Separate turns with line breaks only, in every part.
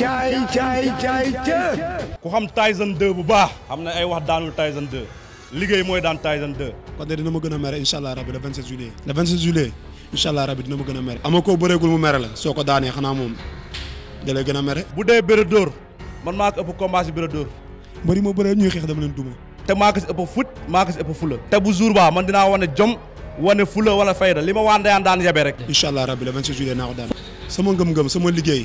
caay caay caay ca ku xam Tyson 2 bu baax xam na ay wax daanul Tyson 2 liggéey mooy daan Tyson 2 kon de dina ma gën a mere incha allah rabi le 27 juillet le 27 juillet incha allah rabi dina ma gën a mere ama koo bëreegul mu mere la soo ko daanee xanaa moom da lay gën a mere bu dee bëre man maa ko ëpp combat si bëre dóor mbëri ma bëree ñuy xeex dama leen duma te maa ko si ëpp fut maa si ëpp fula te bu jour baa man dinaa wane jom wane fula wala fayda li ma waan dayaan daan yabe rek incha allah rabi le 27 juillet naa sama ngëm-ngëm sama liggéey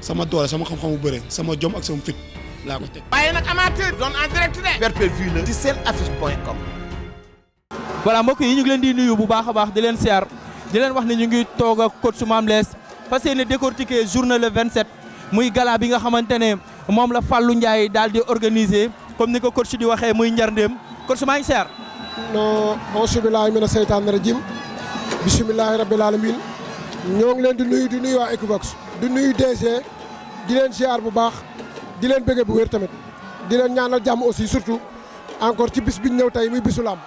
sama doole sama xam bu bëre sama jom ak sama fit laa
ko teg. waaye nag amateur doon en direct de. pay-per-view seen affiche point com.
voilà mbokk yi ñu ngi leen di nuyu bu baax a baax di leen siyaar di leen wax ne ñu ngi toog ak coach Mame Less fas yéene décortiquer journée le 27 muy gala bi nga xamante ne moom la Fallou Ndiaye daal di organiser comme ni ko coach di waxee muy njarndéem coach maa ngi siyaar.
non auzu billaahi mina seytaani rajiim bismillaahi rabbil aalamiin ñoo ngi leen di nuyu di nuyu waa Equivox di nuyu DG di leen ziar bu baax di leen bëggee bu wér tamit di leen ñaanal jàmm aussi surtout encore ci bis bi ñu ñëw tey muy bisu laam.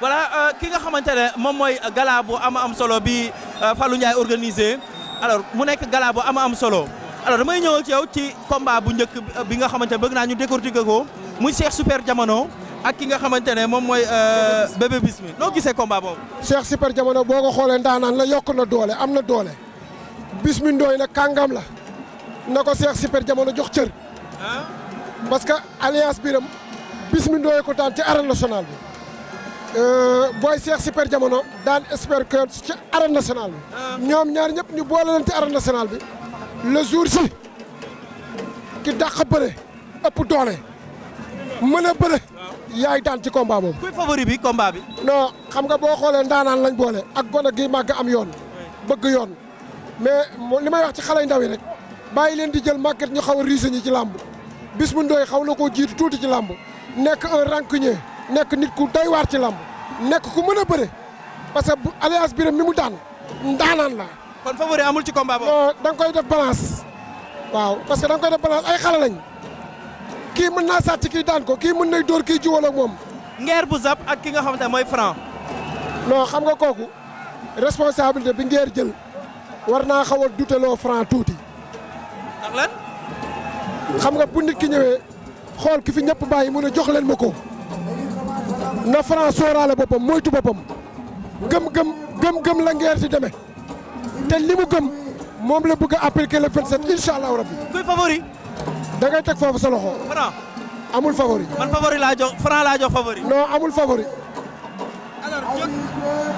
voilà
euh, ki nga xamante ne moom mooy gala bu am am solo bi euh, Fallou Ndiaye organisé alors mu nekk gala bu am am solo alors damay ñëw ci yow ci combat bu njëkk bi nga xamante ne bëgg naa ñu décortiquer ko muy Cheikh Super Jamono. ak ki nga xamante ne moom mooy euh, bébé bismi noo gisee combat boobu.
Cheikh Super Jamono boo ko xoolee ndaanaan na yokk na doole am na doole bismi ndooy nag kàngam la na ko Cheikh Super Jamono jox cër. parce que alliance biram bismi ndooy ko daan ci arène nationale bi. Euh, booy Cheikh Super Jamono daan expert que ci arène nationale bi. ñoom ñaar ñëpp ñu boole leen ci arène nationale bi. le jour si ki dàq bëre ëpp doole mën a bëre. yaay daan ci combat boobu. kuy favori bi combat bi. non xam nga boo xoolee ndaanaan lañ boole ak gone gi màgg am yoon. bëgg yoon mais li may wax ci xale ndaw yi rek bàyyi leen di jël màgget ñu xaw a riise ñi ci làmb bis bu ndooy xaw na koo jiitu tuuti ci làmb nekk un rancunier nekk nit ku doy waar ci làmb nekk ku mën a bëre parce que bu Alliance Birame mi mu daan ndaanaan la kon favori amul ci combat boobu. non da nga koy def balance. waaw parce que da nga koy def balance ay xale lañ. kii mën naa sàcc kii daan ko kii mën nay dóor kii jiwal ak moom. ngeer bu zap ak ki nga xamante mooy franc. non xam nga kooku responsabilité bi ngeer jël war naa xaw a duteloo franc tuuti. ndax lan. xam nga bu ki ñëwee xool ki fi ñëpp bàyyi mu ne jox leen ma ko na franc sóoraale boppam moytu boppam gëm-gëm gëm-gëm la ngeer di demee te li mu gëm moom la bëgg a appliquer le 27 incha allah rabbi kuy favori. da ngay teg foofu sa loxo. amul favori. man favori laa jox Franc jox favori. non amul favori. alors
jóg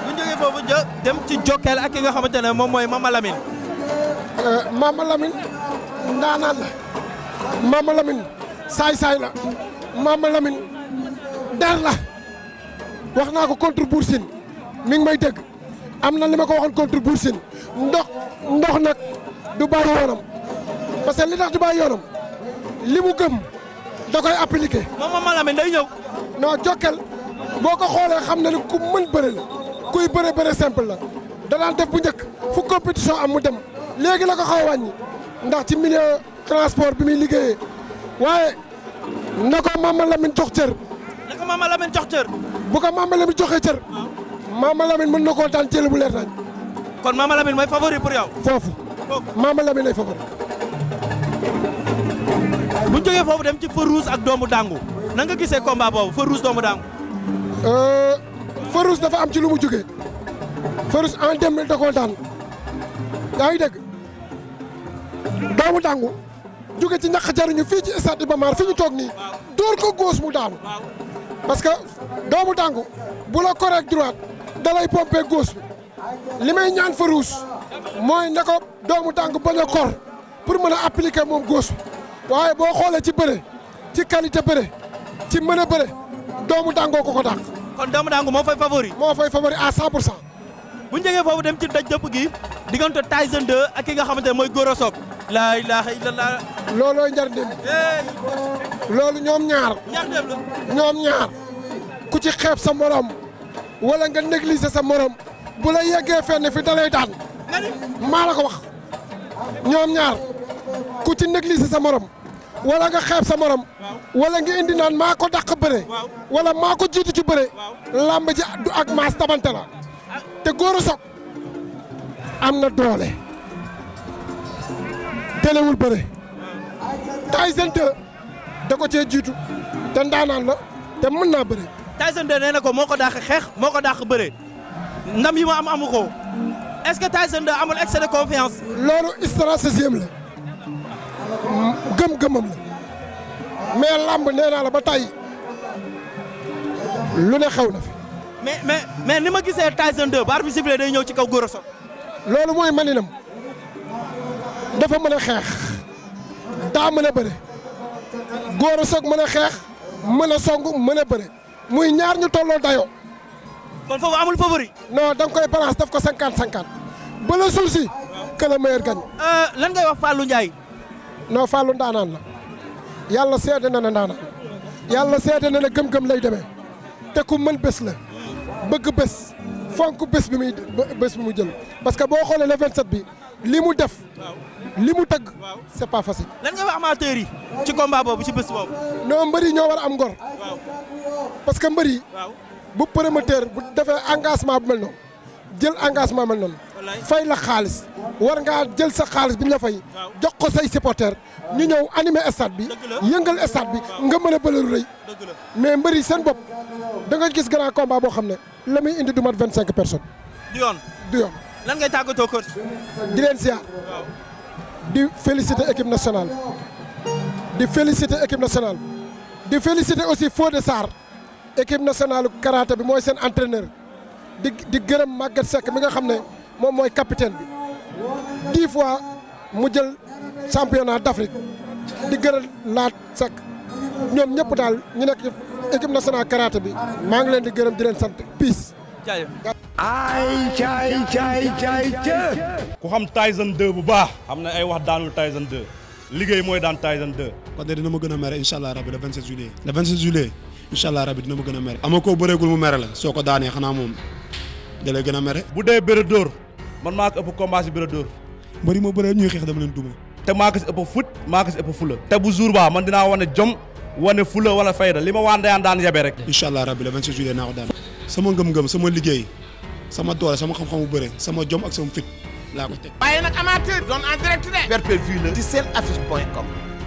bu ñu foofu jë dem ci jokkeel ak ki nga xamante ne moom mooy Mama Lamine.
Euh, Mama Lamine ndaanaan la Mama Lamine saay saay la Mama Lamine der la wax naa ko contre Boursine mi ngi may dégg am na li ma ko waxoon contre Boursine ndox ndox nag du bàyyi yoonam parce que li tax du bàyyi yoonam. li mu gëm da koy appliqué. moom Mama Lamine day ñëw. non Jokal boo ko xoolee xam na ne ku mën bëre la kuy bëre bëre simple la da daan def bu njëkk fu compétition am mu dem léegi la ko xaw wàññi ndax ci milieu transport bi muy liggéeyee waaye na ko Mama Lamine jox cër. na ko Mama Lamine jox cër. bu ko Mama Lamine joxee cër. Mama Lamine mën na koo daan jël bu leer nañ. kon Mama Lamine mooy favori pour yow. foofu Mama Lamine lay favori. bu ñu jógee foofu dem ci feu
rouge ak doomu dangu na nga gisee combat boobu feu rouge doomu dangu.
Euh, feu dafa am ci lu mu jógee feu rouge en deux mille da daan yaa ngi dégg doomu dangu jóge ci ñaq jariñu fii ci stade Iba Mar ñu toog nii dóor ko góos mu daanu parce que doomu dangu bu la correct droite dalay pompé góos bi li may ñaan feu rouge mooy ne doomu dangu bañ kor pour mën a appliquer moom góos waaye boo xoolee ci bëre ci kani qualité bëre ci mën a bëre doomu dàngoo ko ko dàq. kon doomu dàngu moo fay favori. moo fay favori à 100 pour cent. bu ñu jógee foofu dem ci daj dëpp gi diggante Tyson 2 ak ki nga xamante ne mooy Gora Sock. laa ilaaha illallah. loolooy njariñ loolu ñoom ñaar. ñoom ñaar ku ci xeeb sa morom wala nga négliger sa morom bu la yeggee fenn fi dalay daan. maa la ko wax ñoom ñaar ku ci négliger sa morom. wala nga xeeb sa morom wala nga indi naan maa ko dàq bëre wala maa ko jiitu ci bëre làmb ji du ak maas tabante la te Gora Sock am na doole telewul bëre Tyson 2 da ko cee jiitu te ndaanaan la te mën naa bëre Tyson 2 nee na ko moo ko dàq xeex moo ko
dàq bëre ndam yi ma am amu ko est-ce que Tyson 2 amul excès de confiance
loolu stratégie la gëm-gëmam la mais làmb nee naa la ba tey lu ne xew na fi. mais mais mais ni ma gisee Tyson 2 ba arbitre sifflé day ñëw ci kaw Gora Sock. loolu mooy maninam dafa mën a xeex daa mën a bëre Gora Sock mën a xeex mën a song mën a bëre muy ñaar ñu tolloo dayoo. kon foofu amul favori. non da koy balance daf ko cinquante cinquante ba le jour si que le meilleur gagne. Euh, lan ngay wax Fallou Ndiaye. non falu ndaanaan la yàlla seede na ne ndaanaan yàlla seede na ne gëm-gëm lay deme te ku mën bés la bëgg bés fonk bés bi muy bés bi mu jël parce que boo xoolee le 27 bi li mu def li mu tëgg c'est pas facile. lan nga wax amateur yi ci combat boobu ci bés boobu. non mbër yi ñoo war am ngor. parce que mbër yi. bu promoteur bu defee engagement bu mel noonu jël engagement mel noonu. fay la xaalis. war ngaa jël sa xaalis bi ñu la fay jox ko say supporters ñu ñëw anime stade bi yëngal stade bi nga mën a bële lu rëy mais mbëri seen bopp da nga gis grand combat boo xam ne la indi du mat vingt cinq personnes. du yoon du yoon.
lan ngay tàggatoo di leen ziar.
di féliciter équipe nationale. di féliciter équipe nationale. di féliciter aussi Fodé Sarr. équipe nationale karaté bi mooy seen entraîneur. di di gërëm Maguette Seck mi nga xam ne moom mooy capitaine bi. dix fois mu jël championnat d'Afrique di gëral laat sec ñoom ñëpp daal ñu nekk ci équipe nationale karaté bi maa ngi leen di gërëm di leen sant peace. ay
caay caay caay caay ku xam Tyson bu baax xam na ay wax daanul Tyson 2 liggéey mooy daan a mere incha allah rabi le 27 juillet. le 27 juillet incha allah rabi dina ma gën a mere. ama koo bëreegul mu mere la soo ko daanee xanaa moom da lay gën a mere. bu dee bëre dóor. man maa ko ëpp combat si bëre dóor mbëri ma bëre ñuy xeex dama leen duma te maa ko si ëpp fut maa ko si ëpp fula te bu jour ba man dinaa wane jom wane fula wala fayda li ma waan dayaan daan yebee rek incha allah rabbi le 26 juillet naa ko daan sama ngëm-ngëm sama liggéey sama doole sama xam-xamu bëre sama jom ak sama fit laa ko teg
waaye nag amateur doon en direct de pay per la ci seen affiche point com